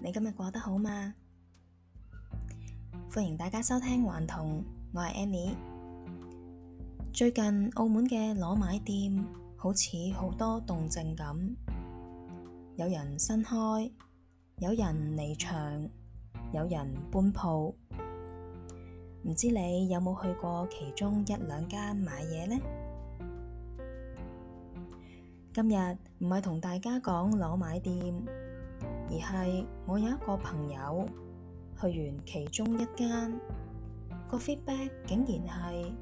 你今日過得好嗎？歡迎大家收聽《還童》，我係 Annie。最近澳門嘅裸買店好似好多動靜咁，有人新開，有人離場，有人搬鋪，唔知你有冇去過其中一兩間買嘢呢？今日唔係同大家講裸買店。而係我有一個朋友去完其中一間，個 feedback 竟然係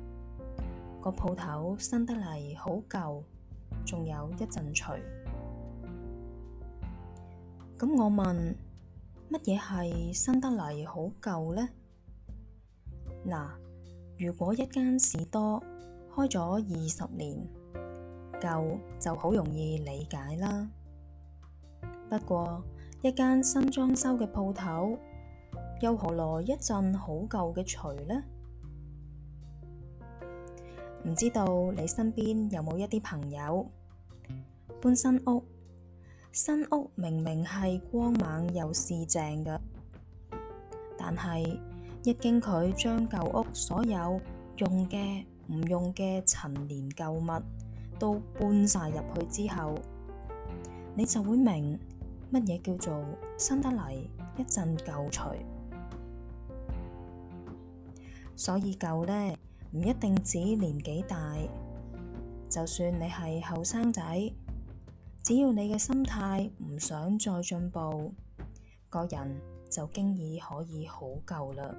個鋪頭新得嚟好舊，仲有一陣除。咁我問「乜嘢係新得嚟好舊呢？」嗱，如果一間士多開咗二十年，舊就好容易理解啦。不過，一間新裝修嘅鋪頭，又何來一陣好舊嘅除呢？唔知道你身邊有冇一啲朋友搬新屋，新屋明明係光猛又四正嘅，但係一經佢將舊屋所有用嘅、唔用嘅陳年舊物都搬晒入去之後，你就會明。乜嘢叫做新得嚟一陣舊除？所以舊呢，唔一定指年紀大，就算你係後生仔，只要你嘅心態唔想再進步，個人就經已可以好舊啦。